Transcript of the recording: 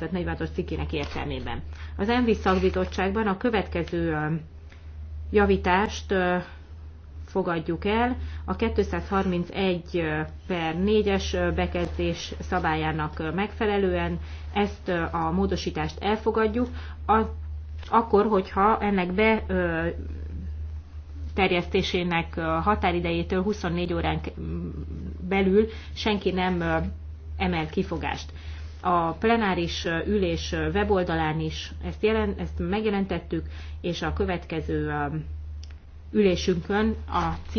46-os cikkének értelmében. Az ENVI szakbizottságban a következő javítást fogadjuk el a 231 per 4-es bekezdés szabályának megfelelően ezt a módosítást elfogadjuk, a, akkor, hogyha ennek be terjesztésének határidejétől 24 órán belül senki nem emel kifogást a plenáris ülés weboldalán is ezt, jelen, ezt megjelentettük, és a következő ülésünkön a cím